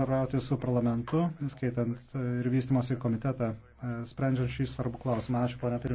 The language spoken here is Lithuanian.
bendrauti su parlamentu, skaitant ir vystimosi komitetą, e, sprendžiant šį svarbų klausimą. Ačiū, ponia pirmininkė.